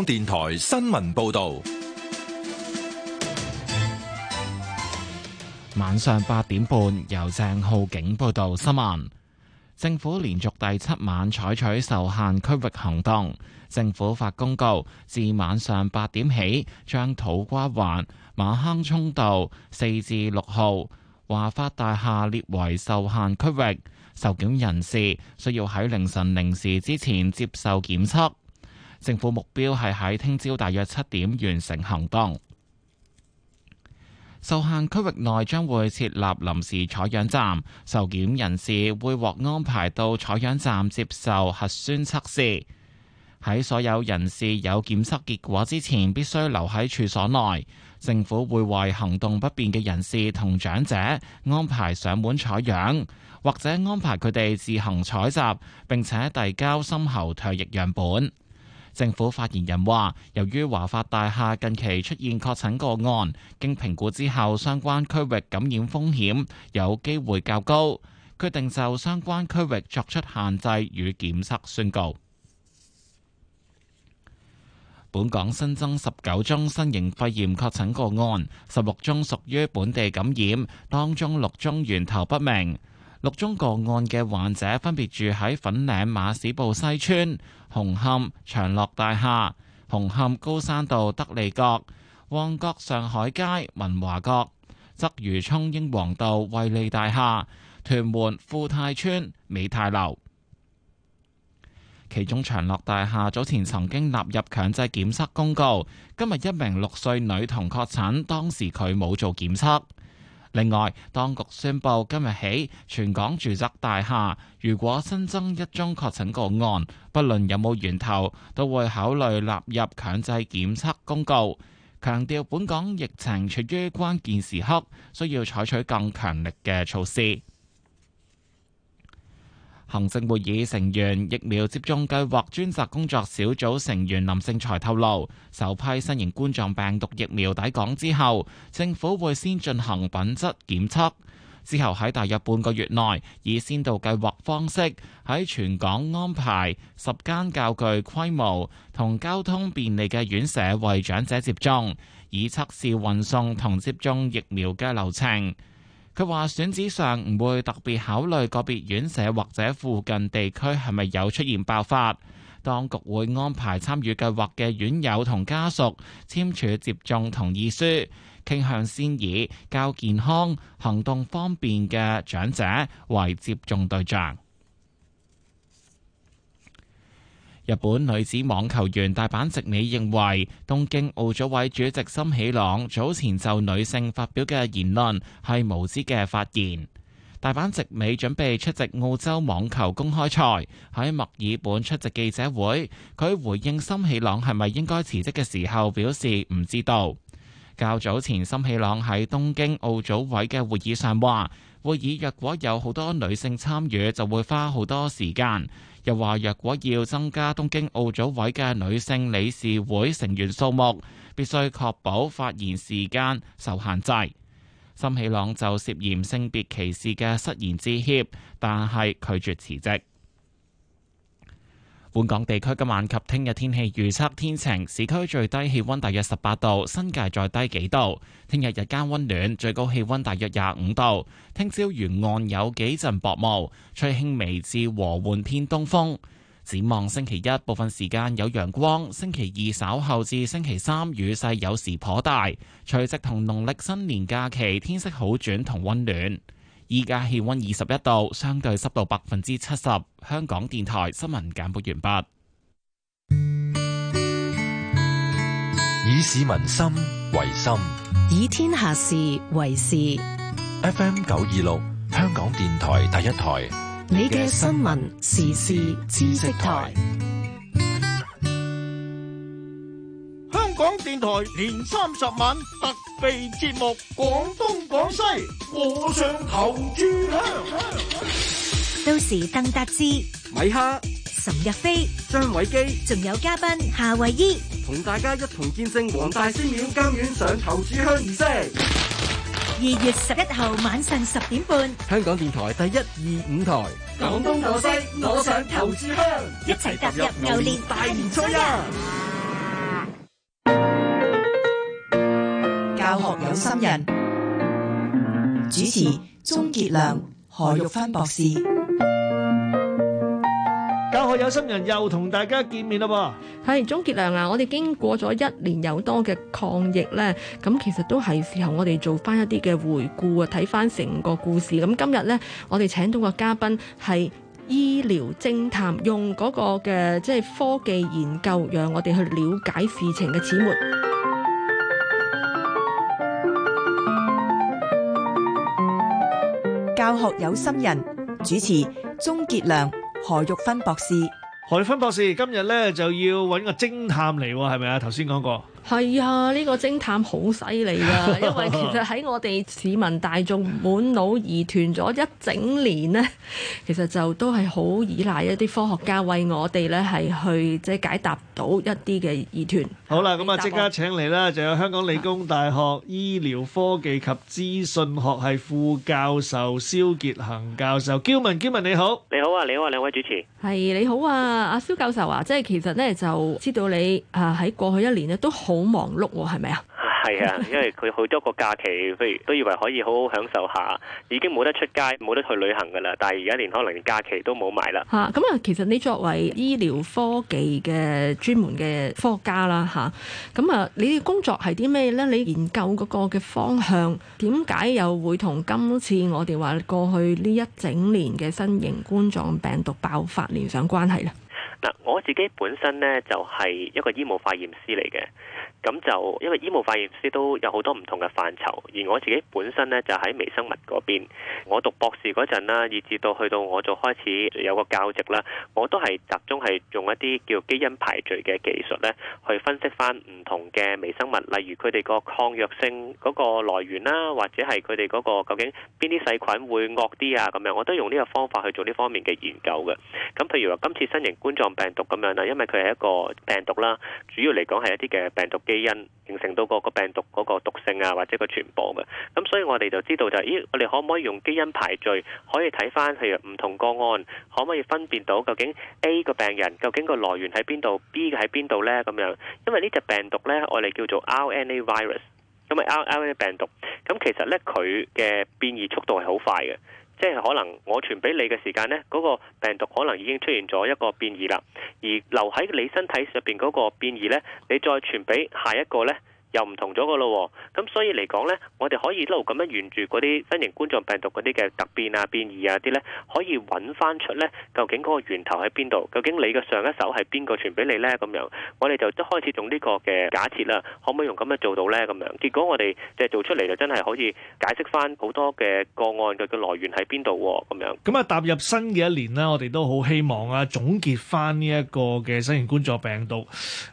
.港電台新聞報道，晚上八點半由鄭浩景報道新聞。政府連續第七晚採取受限區域行動。政府發公告，自晚上八點起，將土瓜灣馬坑涌道四至六號華發大廈列為受限區域。受檢人士需要喺凌晨零時之前接受檢測。政府目標係喺聽朝大約七點完成行動，受限區域內將會設立臨時採樣站，受檢人士會獲安排到採樣站接受核酸測試。喺所有人士有檢測結果之前，必須留喺處所內。政府會為行動不便嘅人士同長者安排上門採樣，或者安排佢哋自行採集並且遞交深喉唾液樣本。政府發言人話，由於華發大廈近期出現確診個案，經評估之後，相關區域感染風險有機會較高，決定就相關區域作出限制與檢測宣告。本港新增十九宗新型肺炎確診個案，十六宗屬於本地感染，當中六宗源頭不明。六宗個案嘅患者分別住喺粉嶺馬屎布西村、紅磡長樂大廈、紅磡高山道德利閣、旺角上海街文華閣、鰂魚涌英皇道惠利大廈、屯門富泰邨美泰樓。其中長樂大廈早前曾經納入強制檢測公告，今日一名六歲女童確診，當時佢冇做檢測。另外，當局宣布今日起，全港住宅大廈如果新增一宗確診個案，不論有冇源頭，都會考慮納入強制檢測公告，強調本港疫情處於關鍵時刻，需要採取更強力嘅措施。行政會議成員疫苗接種計劃專責工作小組成員林正財透露，首批新型冠狀病毒疫苗抵港之後，政府會先進行品質檢測，之後喺大約半個月內，以先導計劃方式喺全港安排十間較具規模同交通便利嘅院舍為長者接種，以測試運送同接種疫苗嘅流程。佢話：選址上唔會特別考慮個別院舍或者附近地區係咪有出現爆發，當局會安排參與計劃嘅院友同家屬簽署接種同意書，傾向先以較健康、行動方便嘅長者為接種對象。日本女子網球員大坂直美認為，東京奧組委主席森喜朗早前就女性發表嘅言論係無知嘅發言。大坂直美準備出席澳洲網球公開賽，喺墨爾本出席記者會。佢回應森喜朗係咪應該辭職嘅時候，表示唔知道。較早前森喜朗喺東京奧組委嘅會議上話，會議若果有好多女性參與，就會花好多時間。又話，若果要增加東京奧組委嘅女性理事會成員數目，必須確保發言時間受限制。森喜朗就涉嫌性別歧視嘅失言致歉，但係拒絕辭職。本港地區今晚及聽日天氣預測天晴，市區最低氣温大約十八度，新界再低幾度。聽日日間温暖，最高氣温大約廿五度。聽朝沿岸有幾陣薄霧，吹輕微至和緩偏東風。展望星期一部分時間有陽光，星期二稍後至星期三雨勢有時頗大。除夕同農曆新年假期天色好轉同温暖。依家氣溫二十一度，相對濕度百分之七十。香港電台新聞簡報完畢。以市民心為心，以天下事為事。F M 九二六， 26, 香港電台第一台，你嘅的新，新聞時事知識台。港電台連三十晚特備節目《廣東廣西我上頭炷香》，到時鄧達智、米哈、岑日飛、張偉基，仲有嘉賓夏慧伊，同大家一同見證黃大仙祠今年上頭炷香儀式。二月十一號晚上十點半，香港電台第一二五台，東《廣東廣西我上頭炷香》，一齊踏入牛年，入牛年大年初一。有心人主持鍾傑良、何玉芬博士，家下有心人又同大家見面啦！係鍾傑良啊，我哋經過咗一年有多嘅抗疫咧，咁其實都係時候我哋做翻一啲嘅回顧啊，睇翻成個故事。咁今日咧，我哋請到個嘉賓係醫療偵探，用嗰個嘅即係科技研究，讓我哋去了解事情嘅始末。教學有心人主持鍾傑良，何玉芬博士、何玉芬博士，今日咧就要揾個偵探嚟，係咪啊？頭先講過。係啊！呢個偵探好犀利啊，因為其實喺我哋市民大眾滿腦疑團咗一整年咧，其實就都係好依賴一啲科學家為我哋咧係去即係解答到一啲嘅疑團。好啦，咁啊即刻請嚟啦！就有香港理工大學醫療科技及資訊學系副教授蕭傑恒教授。焦文，焦文你好。你好啊，你好啊，兩位主持。係，你好啊，阿蕭教授啊，即係其實咧就知道你啊喺過去一年咧都。好忙碌喎，係咪啊？係啊，因為佢好多個假期，譬如 都以為可以好好享受下，已經冇得出街，冇得去旅行噶啦。但係而家連可能假期都冇埋啦。吓，咁啊，其實你作為醫療科技嘅專門嘅科學家啦，吓、啊，咁啊，你嘅工作係啲咩呢？你研究嗰個嘅方向，點解又會同今次我哋話過去呢一整年嘅新型冠狀病毒爆發連上關係呢？嗱、啊，我自己本身呢，就係、是、一個醫務化驗師嚟嘅。咁就因為醫務化驗師都有好多唔同嘅範疇，而我自己本身咧就喺微生物嗰邊。我讀博士嗰陣啦，以至到去到我就開始有個教職啦，我都係集中係用一啲叫基因排序嘅技術咧，去分析翻唔同嘅微生物，例如佢哋個抗藥性嗰個來源啦，或者係佢哋嗰個究竟邊啲細菌會惡啲啊咁樣，我都用呢個方法去做呢方面嘅研究嘅。咁譬如話今次新型冠狀病毒咁樣啦，因為佢係一個病毒啦，主要嚟講，係一啲嘅病毒病。基因形成到個個病毒嗰個毒性啊，或者個傳播嘅，咁所以我哋就知道就咦，我哋可唔可以用基因排序，可以睇翻譬如唔同個案可唔可以分辨到究竟 A 個病人究竟個來源喺邊度，B 嘅喺邊度呢？咁樣，因為呢隻病毒呢，我哋叫做 RNA virus，咁係 RNA 病毒，咁其實呢，佢嘅變異速度係好快嘅。即係可能我傳俾你嘅時間呢，嗰個病毒可能已經出現咗一個變異啦，而留喺你身體上邊嗰個變異呢，你再傳畀下一個呢。又唔同咗個咯，咁所以嚟講呢，我哋可以一路咁樣沿住嗰啲新型冠狀病毒嗰啲嘅突變啊、變異啊啲呢，可以揾翻出呢究竟嗰個源頭喺邊度？究竟你嘅上一手係邊個傳俾你呢？咁樣我哋就一開始用呢個嘅假設啦，可唔可以用咁樣做到呢？咁樣結果我哋即係做出嚟就真係可以解釋翻好多嘅個案佢嘅來源喺邊度咁樣。咁啊，踏入新嘅一年呢，我哋都好希望啊，總結翻呢一個嘅新型冠狀病毒。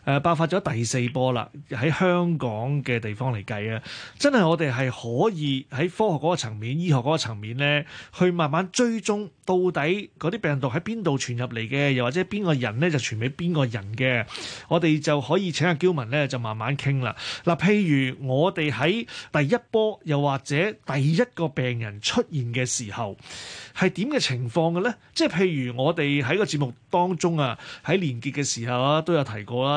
誒，爆發咗第四波啦！喺香港嘅地方嚟計啊，真係我哋係可以喺科學嗰個層面、醫學嗰個層面咧，去慢慢追蹤到底嗰啲病毒喺邊度傳入嚟嘅，又或者邊個人咧就傳俾邊個人嘅，我哋就可以請阿焦文咧就慢慢傾啦。嗱、啊，譬如我哋喺第一波，又或者第一個病人出現嘅時候係點嘅情況嘅咧？即係譬如我哋喺個節目當中啊，喺連結嘅時候啊都有提過啦、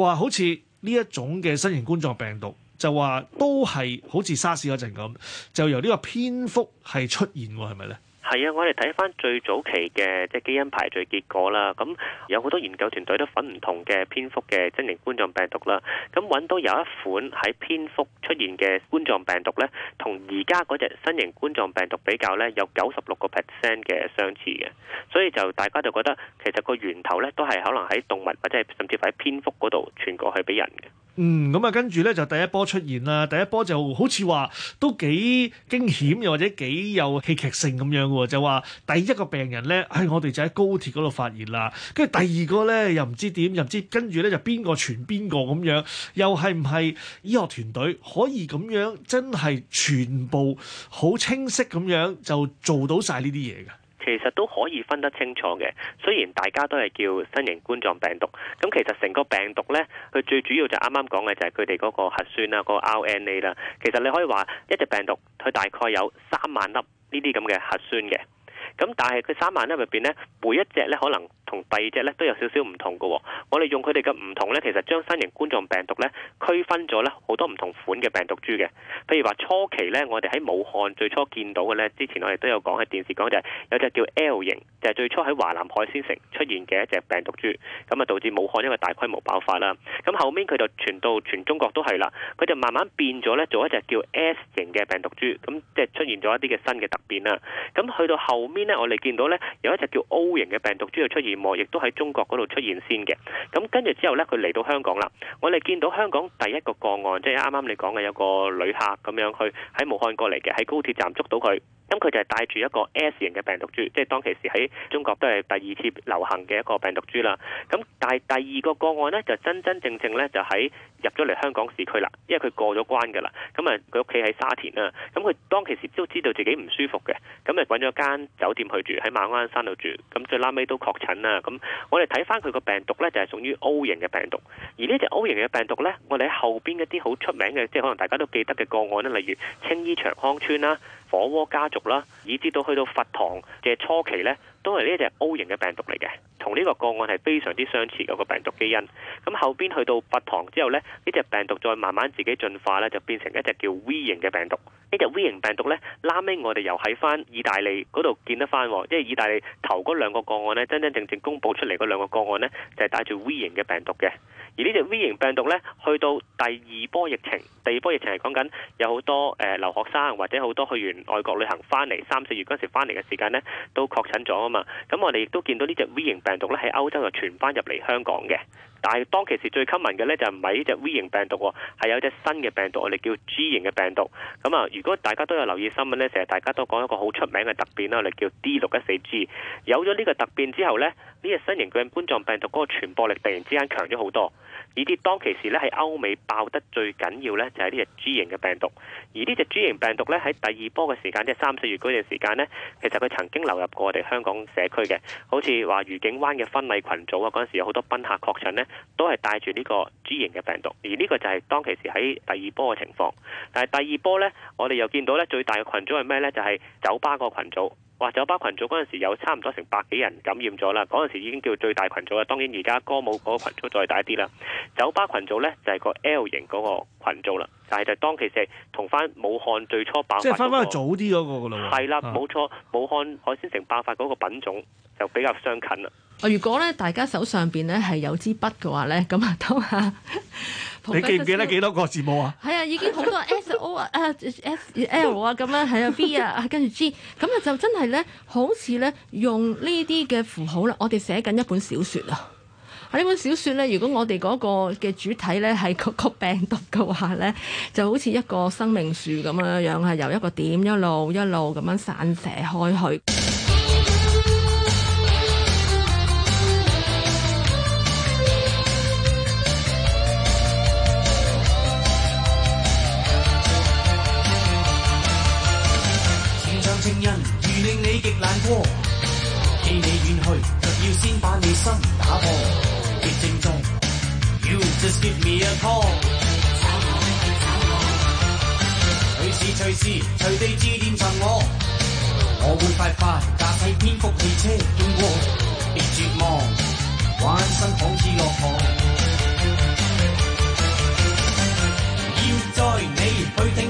話好似呢一種嘅新型冠狀病毒，就話都係好似沙士嗰陣咁，就由呢個蝙蝠係出現，係咪咧？係啊，我哋睇翻最早期嘅，即係基因排序結果啦。咁有好多研究團隊都揾唔同嘅蝙蝠嘅新型冠狀病毒啦。咁揾到有一款喺蝙蝠出現嘅冠狀病毒咧，同而家嗰隻新型冠狀病毒比較咧，有九十六個 percent 嘅相似嘅。所以就大家就覺得其實個源頭咧都係可能喺動物或者係甚至乎喺蝙蝠嗰度傳過去俾人嘅。嗯，咁啊，跟住咧就第一波出現啦，第一波就好似話都幾驚險，又或者幾有戲劇性咁樣。就話第一個病人咧，喺我哋就喺高鐵度發現啦。跟住第二個咧又唔知點，又唔知跟住咧就邊個傳邊個咁樣，又係唔係醫學團隊可以咁樣，真係全部好清晰咁樣就做到晒呢啲嘢嘅？其實都可以分得清楚嘅，雖然大家都係叫新型冠狀病毒，咁其實成個病毒呢，佢最主要就啱啱講嘅就係佢哋嗰個核酸啦、嗰個 RNA 啦。其實你可以話一隻病毒，佢大概有三萬粒呢啲咁嘅核酸嘅，咁但係佢三萬粒入邊呢，每一隻呢可能，同第二隻咧都有少少唔同嘅、哦，我哋用佢哋嘅唔同咧，其實將新型冠狀病毒咧區分咗咧好多唔同款嘅病毒株嘅。譬如話初期咧，我哋喺武漢最初見到嘅咧，之前我哋都有講喺電視講就係、是、有隻叫 L 型，就係、是、最初喺華南海鮮城出現嘅一隻病毒株，咁啊導致武漢因為大規模爆發啦。咁後面佢就傳到全中國都係啦，佢就慢慢變咗咧做一隻叫 S 型嘅病毒株，咁即係出現咗一啲嘅新嘅突變啦。咁去到後面咧，我哋見到咧有一隻叫 O 型嘅病毒株就出現。亦都喺中國嗰度出現先嘅，咁跟住之後呢，佢嚟到香港啦。我哋見到香港第一個個案，即係啱啱你講嘅有個旅客咁樣去喺武漢過嚟嘅，喺高鐵站捉到佢，咁佢就係帶住一個 S 型嘅病毒株，即係當其時喺中國都係第二次流行嘅一個病毒株啦。咁但係第二個個案呢，就真真正正呢，就喺入咗嚟香港市區啦，因為佢過咗關㗎啦。咁啊，佢屋企喺沙田啊，咁佢當其時都知道自己唔舒服嘅，咁啊揾咗間酒店去住喺馬鞍山度住，咁最拉尾都確診啦。咁、嗯、我哋睇翻佢個病毒呢，就係屬於 O 型嘅病毒，而呢隻 O 型嘅病毒呢，我哋喺後邊一啲好出名嘅，即係可能大家都記得嘅個案咧，例如青衣長康村啦、啊。火鍋家族啦，以至到去到佛堂嘅初期呢，都係呢隻 O 型嘅病毒嚟嘅，同呢個個案係非常之相似嘅個病毒基因。咁後邊去到佛堂之後呢，呢隻病毒再慢慢自己進化呢，就變成一隻叫 V 型嘅病毒。呢隻 V 型病毒呢，拉尾我哋又喺翻意大利嗰度見得翻，即係意大利頭嗰兩個個案呢，真真正正公布出嚟嗰兩個個案呢，就係帶住 V 型嘅病毒嘅。而呢隻 V 型病毒呢，去到第二波疫情、第二波疫情係講緊有好多誒留學生或者好多去完，外國旅行返嚟三四月嗰時返嚟嘅時間呢，都確診咗啊嘛！咁我哋亦都見到呢隻 V 型病毒咧，喺歐洲就傳返入嚟香港嘅。但係當其時最吸引嘅咧就唔係呢隻 V 型病毒，喔，係有一隻新嘅病毒，我哋叫 G 型嘅病毒。咁、嗯、啊，如果大家都有留意新聞咧，成日大家都講一個好出名嘅突變啦，我哋叫 D 六一四 G。有咗呢個突變之後呢，呢隻新型冠狀病毒嗰個傳播力突然之間強咗好多。而啲當其時咧喺歐美爆得最緊要咧，就係呢隻 G 型嘅病毒。而呢隻 G 型病毒咧喺第二波嘅時間，即係三四月嗰段時間呢，其實佢曾經流入過我哋香港社區嘅，好似話愉景灣嘅婚禮群組啊，嗰陣時有好多賓客確診呢。都係帶住呢個 G 型嘅病毒，而呢個就係當其時喺第二波嘅情況。但係第二波呢，我哋又見到呢最大嘅群組係咩呢？就係、是、酒吧個群組。哇！酒吧群組嗰陣時有差唔多成百幾人感染咗啦，嗰陣時已經叫最大群組啦。當然而家歌舞嗰個群組再大啲啦。酒吧群組呢就係、是、個 L 型嗰個群組啦。但係就是當其時同翻武漢最初爆發、那個，即係翻翻早啲嗰個噶啦。係啦的，冇的錯，武漢海鮮城爆發嗰個品種就比較相近啦。如果咧大家手上邊咧係有支筆嘅話咧，咁啊，都下。你記唔記得幾多個字母啊？係 啊，已經好多 SO, S O 啊、F L 啊咁樣，係啊 V 啊，跟住 G。咁啊就真係咧，好似咧用呢啲嘅符號啦，我哋寫緊一本小説啊！呢 本小説咧，如果我哋嗰個嘅主體咧係嗰個病毒嘅話咧，就好似一個生命樹咁樣樣，係由一個點一路一路咁樣散射開去。情人，如令你極難過，見你遠去，就要先把你心打破。別正 You just give me a call。找我，找我，隨時隨時隨地致電尋我，我會快快駕駛蝙蝠汽車經過。別絕望，玩心彷似落降，要載你去聽。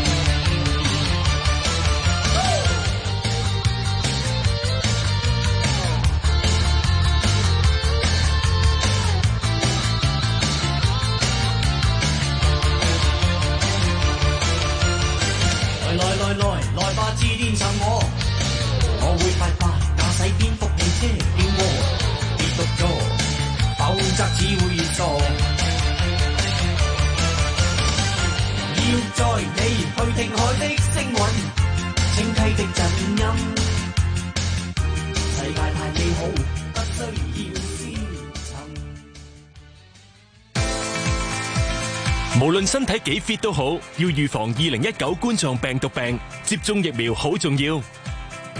無論身體幾 fit 都好，要預防二零一九冠狀病毒病，接種疫苗好重要。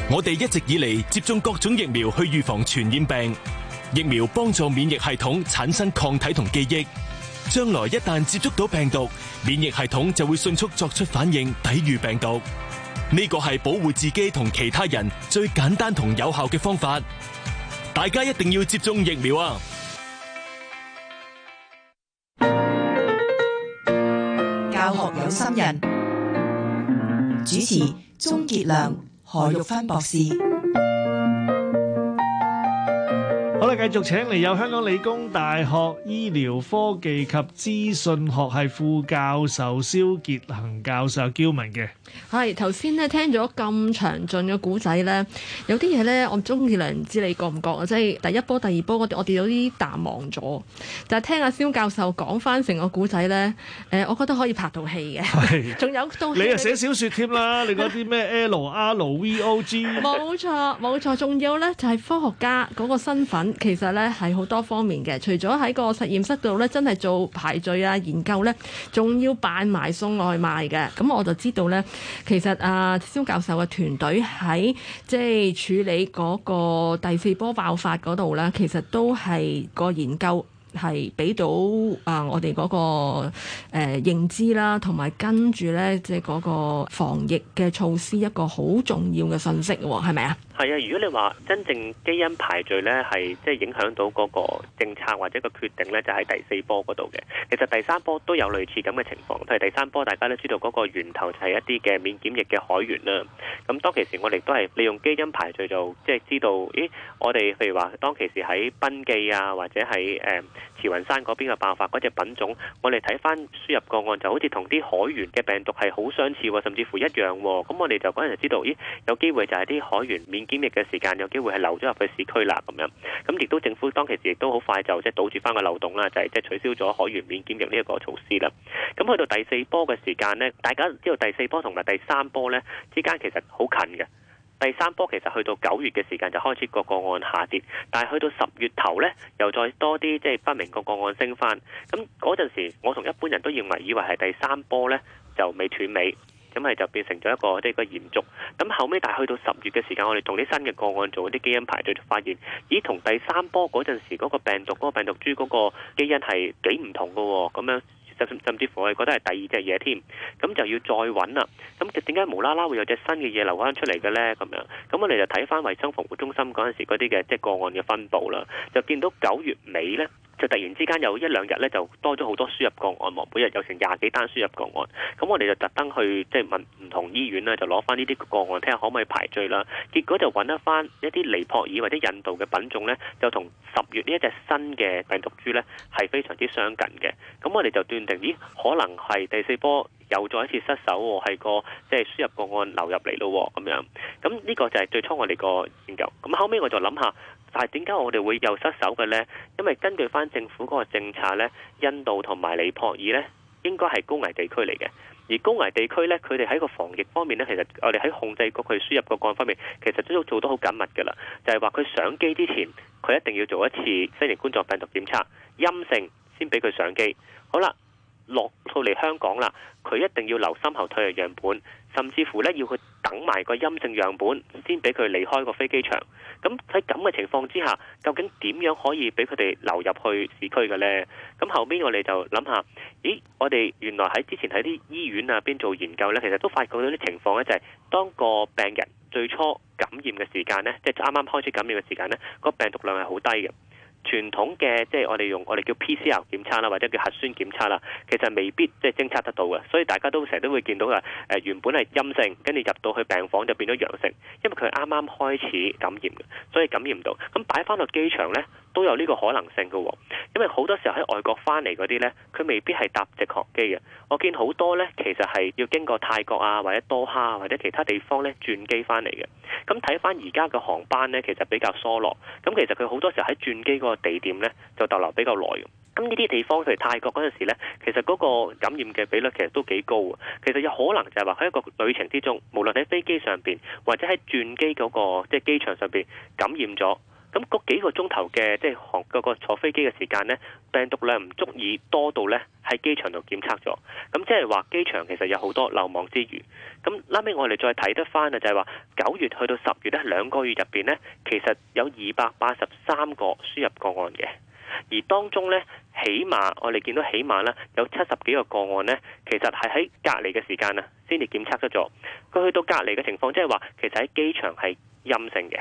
我哋一直以嚟接種各種疫苗去預防傳染病，疫苗幫助免疫系統產生抗體同記憶，將來一旦接觸到病毒，免疫系統就會迅速作出反應，抵禦病毒。呢個係保護自己同其他人最簡單同有效嘅方法，大家一定要接種疫苗啊！三人主持：鍾杰良、何玉芬博士。繼續請嚟有香港理工大學醫療科技及資訊學系副教授蕭傑恒教授叫文嘅。係頭先咧，聽咗咁詳盡嘅古仔咧，有啲嘢咧我中意咧，唔知你覺唔覺啊？即係第一波、第二波，我哋有啲淡忘咗。但係聽阿蕭教授講翻成個古仔咧，誒，我覺得可以拍套戲嘅。仲的有你又寫小說添啦？ 你嗰啲咩 L R V O G？冇錯冇錯，仲有咧就係科學家嗰個身份。其實咧係好多方面嘅，除咗喺個實驗室度咧，真係做排序啊、研究咧，仲要扮埋送外賣嘅。咁我就知道咧，其實啊蕭教授嘅團隊喺即係處理嗰個第四波爆發嗰度咧，其實都係個研究係俾到啊我哋嗰，那個誒、呃、認知啦，同埋跟住咧即係嗰個防疫嘅措施一個好重要嘅訊息喎，係咪啊？係啊，如果你話真正基因排序呢，係即係影響到嗰個政策或者個決定呢，就喺第四波嗰度嘅。其實第三波都有類似咁嘅情況，都係第三波大家都知道嗰個源頭就係一啲嘅免檢疫嘅海員啦。咁當其時我哋都係利用基因排序就即係知道，咦，我哋譬如話當其時喺賓記啊，或者係誒，嗯慈雲山嗰邊嘅爆發嗰隻品種，我哋睇翻輸入個案就好似同啲海員嘅病毒係好相似喎，甚至乎一樣喎。咁我哋就嗰陣知道，咦，有機會就係啲海員免檢疫嘅時間，有機會係流咗入去市區啦咁樣。咁亦都政府當其時亦都好快就即係堵住翻個漏洞啦，就係即係取消咗海員免檢疫呢一個措施啦。咁去到第四波嘅時間呢，大家知道第四波同埋第三波呢之間其實好近嘅。第三波其實去到九月嘅時間就開始個個案下跌，但係去到十月頭呢，又再多啲即係不明個個案升翻。咁嗰陣時，我同一般人都認為以為係第三波呢，就未斷尾，咁係就變成咗一個即係、就是、個延續。咁後尾，但係去到十月嘅時間，我哋同啲新嘅個案做啲基因排序就發現，咦，同第三波嗰陣時嗰個病毒嗰、那個病毒株嗰個基因係幾唔同嘅喎，咁樣。甚至乎我哋覺得係第二隻嘢添，咁就要再揾啦。咁點解無啦啦會有隻新嘅嘢流翻出嚟嘅呢？咁樣，咁我哋就睇翻衞生防護中心嗰陣時嗰啲嘅即係個案嘅分佈啦，就見到九月尾呢。就突然之間有一兩日咧，就多咗好多輸入個案喎，每日有成廿幾單輸入個案，咁我哋就特登去即係、就是、問唔同醫院咧，就攞翻呢啲個案睇下可唔可以排序啦。結果就揾得翻一啲尼泊爾或者印度嘅品種呢，就同十月呢一隻新嘅病毒株呢係非常之相近嘅。咁我哋就斷定，咦，可能係第四波又再一次失守喎，係個即係輸入個案流入嚟咯咁樣。咁呢個就係最初我哋個研究。咁後尾我就諗下。但係點解我哋會又失手嘅呢？因為根據翻政府嗰個政策呢，印度同埋尼泊爾呢應該係高危地區嚟嘅。而高危地區呢，佢哋喺個防疫方面呢，其實我哋喺控制局、佢輸入個案方面，其實都做得好緊密嘅啦。就係話佢上機之前，佢一定要做一次新型冠狀病毒檢測，陰性先俾佢上機。好啦。落到嚟香港啦，佢一定要留深喉唾液樣本，甚至乎呢，要去等埋個陰性樣本先俾佢離開個飛機場。咁喺咁嘅情況之下，究竟點樣可以俾佢哋流入去市區嘅呢？咁後邊我哋就諗下，咦，我哋原來喺之前喺啲醫院啊邊做研究呢，其實都發覺到啲情況呢，就係當個病人最初感染嘅時間呢，即係啱啱開始感染嘅時間呢，個病毒量係好低嘅。傳統嘅即係我哋用我哋叫 PCR 檢測啦，或者叫核酸檢測啦，其實未必即係偵測得到嘅，所以大家都成日都會見到㗎，誒、呃、原本係陰性，跟住入到去病房就變咗陽性，因為佢啱啱開始感染嘅，所以感染唔到。咁擺翻落機場呢，都有呢個可能性嘅、哦，因為好多時候喺外國翻嚟嗰啲呢，佢未必係搭直航機嘅。我見好多呢，其實係要經過泰國啊，或者多哈或者其他地方呢轉機翻嚟嘅。咁睇翻而家嘅航班呢，其實比較疏落。咁、嗯、其實佢好多時候喺轉機嗰個地點呢，就逗留比較耐。咁呢啲地方，譬如泰國嗰陣時呢，其實嗰個感染嘅比率其實都幾高。其實有可能就係話喺一個旅程之中，無論喺飛機上邊或者喺轉機嗰個即係機場上邊感染咗。咁嗰幾個鐘頭嘅即係航嗰個坐飛機嘅時間呢，病毒量唔足以多到呢喺機場度檢測咗。咁即係話機場其實有好多漏網之魚，咁拉尾我哋再睇得返啊，就係話九月去到十月呢兩個月入邊呢，其實有二百八十三個輸入個案嘅，而當中呢，起碼我哋見到起碼呢有七十幾個個案呢，其實係喺隔離嘅時間啊先至檢測得咗。佢去到隔離嘅情況，即係話其實喺機場係陰性嘅。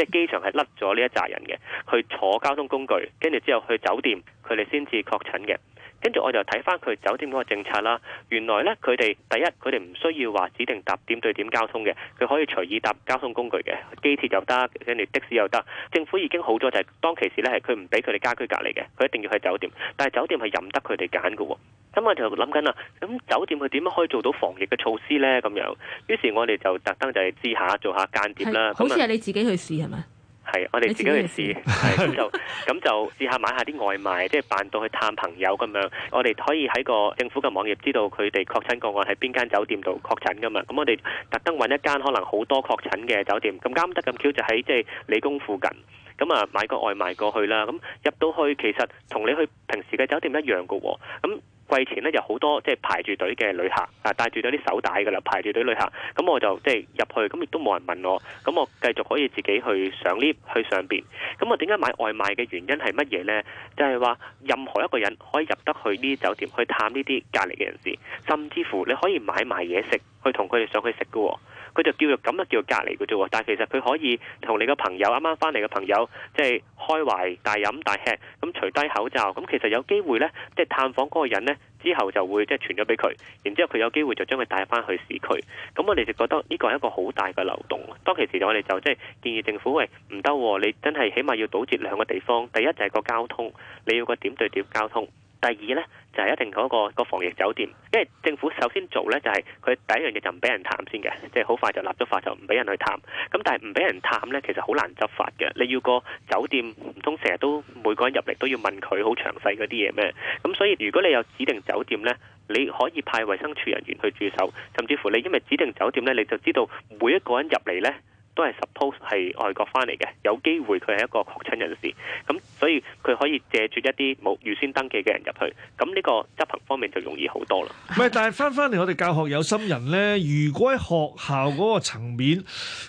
即係機場係甩咗呢一紮人嘅，去坐交通工具，跟住之後去酒店，佢哋先至確診嘅。跟住我就睇翻佢酒店嗰個政策啦。原來呢，佢哋第一，佢哋唔需要話指定搭點對點交通嘅，佢可以隨意搭交通工具嘅，機鐵又得，跟住的士又得。政府已經好咗就係、是、當其時呢，係佢唔俾佢哋家居隔離嘅，佢一定要去酒店。但係酒店係任得佢哋揀嘅喎。咁我就諗緊啦，咁酒店佢點樣可以做到防疫嘅措施呢？咁樣，於是我哋就特登就係知下做下間諜啦。好似係你自己去試係咪？係，我哋自己去試，咁就咁就試下買下啲外賣，即係扮到去探朋友咁樣。我哋可以喺個政府嘅網頁知道佢哋確診個案喺邊間酒店度確診噶嘛。咁我哋特登揾一間可能好多確診嘅酒店，咁啱得咁巧就喺即係理工附近。咁啊，買個外賣過去啦。咁入到去其實同你去平時嘅酒店一樣噶喎。咁. 季前咧又好多即係、就是、排住隊嘅旅客啊，帶住咗啲手帶噶啦，排住隊旅客，咁我就即係入去，咁亦都冇人問我，咁我繼續可以自己去上 lift 去上邊。咁我點解買外賣嘅原因係乜嘢呢？就係、是、話任何一個人可以入得去呢啲酒店去探呢啲隔離嘅人士，甚至乎你可以買埋嘢食去同佢哋上去食噶、哦。佢就叫做咁啊，叫做隔離嘅啫喎。但係其實佢可以同你個朋友啱啱翻嚟嘅朋友，即係、就是、開懷大飲大吃，咁除低口罩。咁其實有機會呢，即、就、係、是、探訪嗰個人呢之後就會即係、就是、傳咗俾佢。然之後佢有機會就將佢帶翻去市區。咁我哋就覺得呢個係一個好大嘅漏洞啊！當其時我哋就即係、就是、建議政府喂唔得、哦，你真係起碼要堵截兩個地方。第一就係個交通，你要個點對點交通。第二呢，就係一定嗰個防疫酒店，因為政府首先做呢，就係佢第一樣嘢就唔俾人探先嘅，即係好快就立咗法就唔俾人去探。咁但係唔俾人探呢，其實好難執法嘅。你要個酒店唔通成日都每個人入嚟都要問佢好詳細嗰啲嘢咩？咁所以如果你有指定酒店呢，你可以派衛生署人員去駐守，甚至乎你因為指定酒店呢，你就知道每一個人入嚟呢。都係 suppose 係外國翻嚟嘅，有機會佢係一個確診人士咁，所以佢可以借住一啲冇預先登記嘅人入去咁，呢個執行方面就容易好多啦。唔係，但係翻翻嚟，我哋教學有心人咧，如果喺學校嗰個層面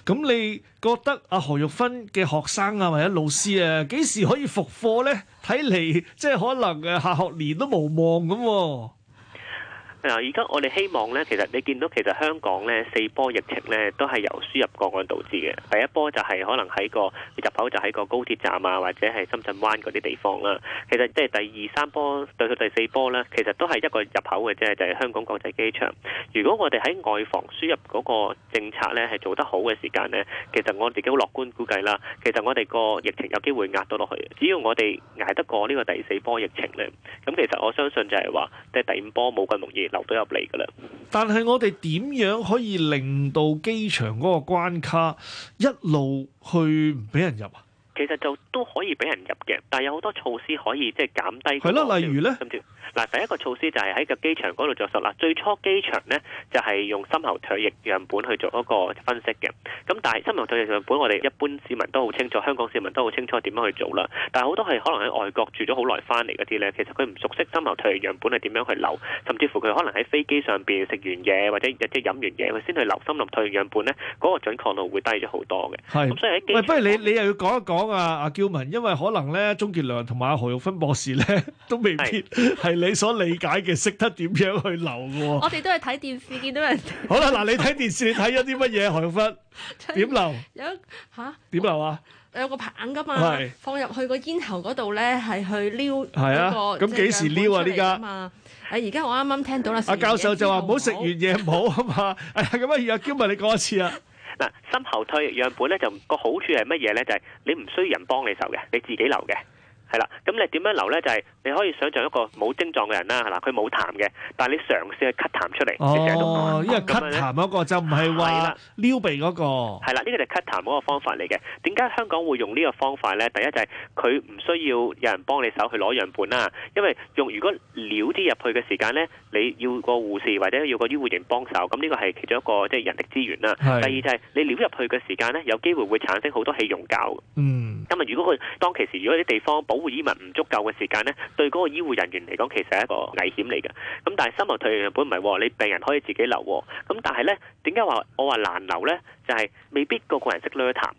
咁，你覺得阿何玉芬嘅學生啊，或者老師啊，幾時可以復課咧？睇嚟即係可能誒下學年都無望咁喎啊。嗱，而家我哋希望咧，其實你見到其實香港咧四波疫情咧都係由輸入個案導致嘅。第一波就係可能喺個入口就喺個高鐵站啊，或者係深圳灣嗰啲地方啦。其實即係第二三波對到第四波咧，其實都係一個入口嘅，即係就係香港國際機場。如果我哋喺外防輸入嗰個政策咧係做得好嘅時間咧，其實我自己好樂觀估計啦。其實我哋個疫情有機會壓到落去，只要我哋捱得過呢個第四波疫情咧，咁其實我相信就係話即係第五波冇咁容易。流到入嚟㗎喇，但係我哋點樣可以令到機場嗰個關卡一路去唔俾人入啊？其實就都可以俾人入嘅，但係有好多措施可以即係減低。係咯，例如咧，嗱，第一個措施就係喺個機場嗰度作實啦。最初機場咧就係、是、用深喉唾液樣本去做一個分析嘅。咁但係深喉唾液樣本，我哋一般市民都好清楚，香港市民都好清楚點樣去做啦。但係好多係可能喺外國住咗好耐翻嚟嗰啲咧，其實佢唔熟悉深喉唾液樣本係點樣去留，甚至乎佢可能喺飛機上邊食完嘢或者即係飲完嘢，佢先去留深喉唾液樣本咧，嗰、那個準確度會低咗好多嘅。咁的所以喺機。喂，不，不如你你又要講一講。講阿阿嬌文，因為可能咧，鍾傑良同埋何玉芬博士咧，都未必係你所理解嘅識得點樣去流嘅。我哋都係睇電視見到人。好啦，嗱，你睇電視，你睇咗啲乜嘢？何玉芬點流？有吓點流啊？有個棒噶嘛，放入去個咽喉嗰度咧，係去撩。係啊，咁幾時撩啊？而家誒，而家我啱啱聽到啦。阿教授就話唔好食完嘢唔好啊嘛。誒，咁啊，阿嬌文你講一次啊。嗱，深喉唾液樣本咧就個好處係乜嘢咧？就係、是、你唔需要人幫你手嘅，你自己留嘅。係啦，咁你點樣留咧？就係、是、你可以想象一個冇症狀嘅人啦，係啦，佢冇痰嘅，但係你嘗試去咳痰出嚟。哦，因為咳痰嗰、那個就唔係胃啦，撩鼻嗰個係啦，呢個就咳痰嗰個方法嚟嘅。點解香港會用呢個方法咧？第一就係佢唔需要有人幫你手去攞樣本啦，因為用如果撩啲入去嘅時間咧，你要個護士或者要個醫護人員幫手，咁呢個係其中一個即係、就是、人力資源啦。的第二就係你撩入去嘅時間咧，有機會會產生好多氣溶膠。嗯，咁啊，如果佢當其時如果啲地方保護醫物唔足夠嘅時間呢，對嗰個醫護人員嚟講，其實係一個危險嚟嘅。咁但係深喉唾液樣本唔係，你病人可以自己留。咁但係呢點解話我話難留呢？就係、是、未必個個人識 l e a 痰，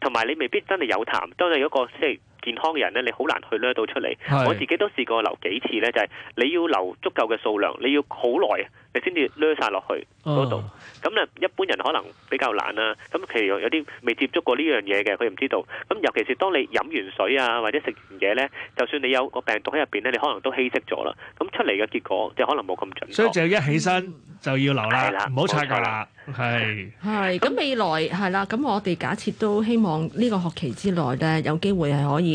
同埋你未必真係有痰。當你有一個即係。哎健康嘅人咧，你好難去掠到出嚟。我自己都試過留幾次咧，就係、是、你要留足夠嘅數量，你要好耐、哦，你先至掠晒落去嗰度。咁咧，一般人可能比較懶啦。咁其實有啲未接觸過呢樣嘢嘅，佢唔知道。咁尤其是當你飲完水啊，或者食完嘢咧，就算你有個病毒喺入邊咧，你可能都稀釋咗啦。咁出嚟嘅結果就可能冇咁準。所以就一起身就要留啦，唔好猜嘅啦，係。係，咁未來係啦，咁我哋假設都希望呢個學期之內咧，有機會係可以。哦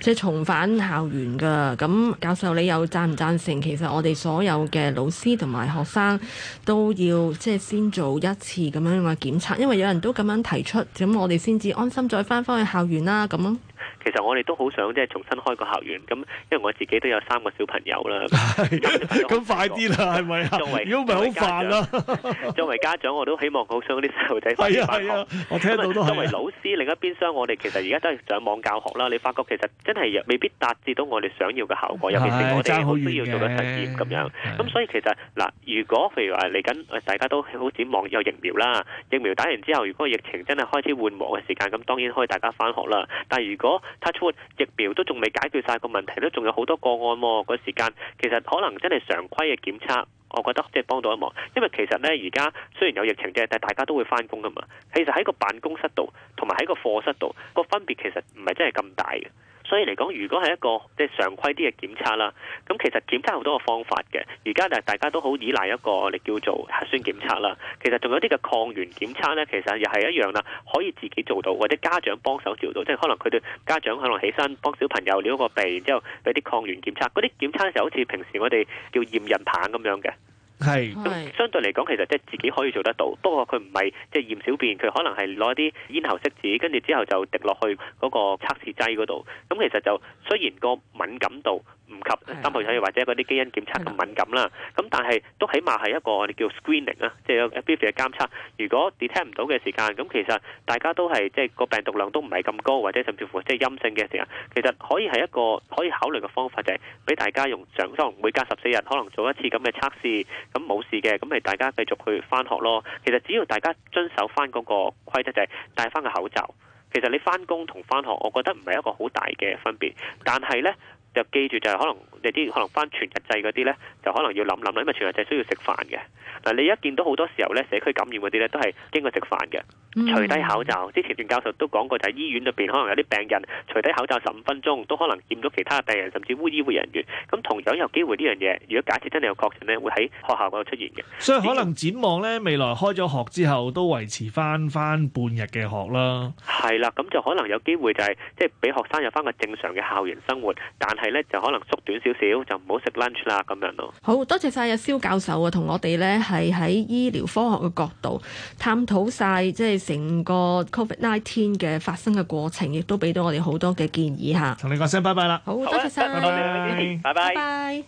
即係重返校園噶咁，教授你有贊唔贊成？其實我哋所有嘅老師同埋學生都要即係先做一次咁樣嘅檢測，因為有人都咁樣提出，咁我哋先至安心再翻返去校園啦。咁啊。其實我哋都好想即係重新開個校園，咁因為我自己都有三個小朋友啦。咁快啲啦，係咪啊？如果好煩啊！作為， 作為家長，我都希望好想啲細路仔翻學，啊啊。我聽到作為老師，另一邊，廂我哋其實而家都係上網教學啦，你發覺其實真係未必達至到我哋想要嘅效果，尤其是我哋好需要做嘅實驗咁，啊，樣。咁，啊，所以其實嗱，如果譬如話嚟緊，大家都好展望有疫苗啦，疫苗打完之後，如果疫情真係開始緩和嘅時間，咁當然可以大家翻學啦。但係如果 Oh, touch wood, 疫苗都仲未解決晒個問題，都仲有好多個案喎。嗰時間其實可能真係常規嘅檢測，我覺得即係幫到一忙，因為其實呢，而家雖然有疫情嘅，但係大家都會翻工噶嘛。其實喺個辦公室度，同埋喺個課室度，個分別其實唔係真係咁大嘅。所以嚟講，如果係一個即係常規啲嘅檢測啦，咁其實檢測好多個方法嘅。而家就大家都好依賴一個，你叫做核酸檢測啦。其實仲有啲嘅抗原檢測咧，其實又係一樣啦，可以自己做到或者家長幫手做到。即係可能佢哋家長可能起身幫小朋友撩個鼻，然之後俾啲抗原檢測。嗰啲檢測嘅時候，好似平時我哋叫驗孕棒咁樣嘅。係，咁是相對嚟講，其實即係自己可以做得到。不過佢唔係即係驗小便，佢可能係攞啲咽喉拭子，跟住之後就滴落去嗰個測試劑嗰度。咁其實就雖然個敏感度，唔及三號睇，或者嗰啲基因檢測咁敏感啦。咁但係都起碼係一個我哋叫 screening 啦，有 basic 嘅監測。如果 detect 唔到嘅時間，咁其實大家都係即係個病毒量都唔係咁高，或者甚至乎即係陰性嘅時間，其實可以係一個可以考慮嘅方法，就係俾大家用，即係可能每隔十四日可能做一次咁嘅測試，咁冇事嘅，咁咪大家繼續去返學咯。其實只要大家遵守返嗰個規則，就係戴返個口罩。其實你返工同返學，我覺得唔係一個好大嘅分別，但係咧。就記住就係可能你啲可能翻全日制嗰啲咧，就可能要諗諗啦，因為全日制需要食飯嘅。嗱，你而家見到好多時候咧，社區感染嗰啲咧都係經過食飯嘅，除低、嗯、口罩。之前段教授都講過，就係醫院入邊可能有啲病人除低口罩十五分鐘，都可能染到其他病人，甚至護、醫護人員。咁同樣有機會呢樣嘢，如果假設真係有確診咧，會喺學校嗰度出現嘅。所以可能展望咧，未來開咗學之後都維持翻翻半日嘅學啦。係啦，咁就可能有機會就係即係俾學生有翻個正常嘅校園生活，但係咧，就可能縮短少少，就唔好食 lunch 啦咁樣咯。好多謝晒阿蕭教授啊，同我哋咧係喺醫療科學嘅角度探討晒，即係成個 COVID-19 嘅發生嘅過程，亦都俾到我哋好多嘅建議吓。同你講聲拜拜啦。好多謝晒！拜拜，拜拜。